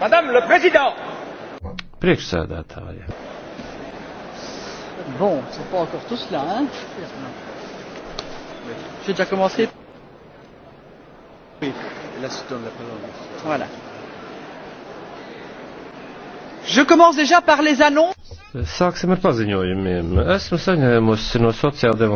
Madame le Président! Priekšsēdētāja. Bon, c'est pas encore tout cela, hein? J'ai déjà commencé. Oui, là, je donne la parole. Voilà. Je commence déjà par les annonces. Sāksim ar paziņojumiem. Esmu saņēmusi no sociāldemokrātiem.